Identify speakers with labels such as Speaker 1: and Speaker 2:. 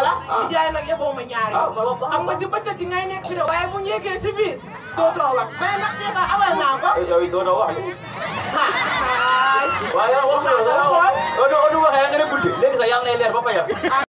Speaker 1: voilà ah. jaay nag yeboo ma ñaari ah, xam nga si bëccëg gi ngay nekk si de waaye bu ñu yeggee si biir dootoo wax mais ndax dégg nga awal naa ko eh,
Speaker 2: yow dootoo wax
Speaker 3: waaye wax na yow
Speaker 1: xool
Speaker 3: odu waxee nga oh, ne oh, guddi léegi sax yàlla lay leer ba fa yem ah.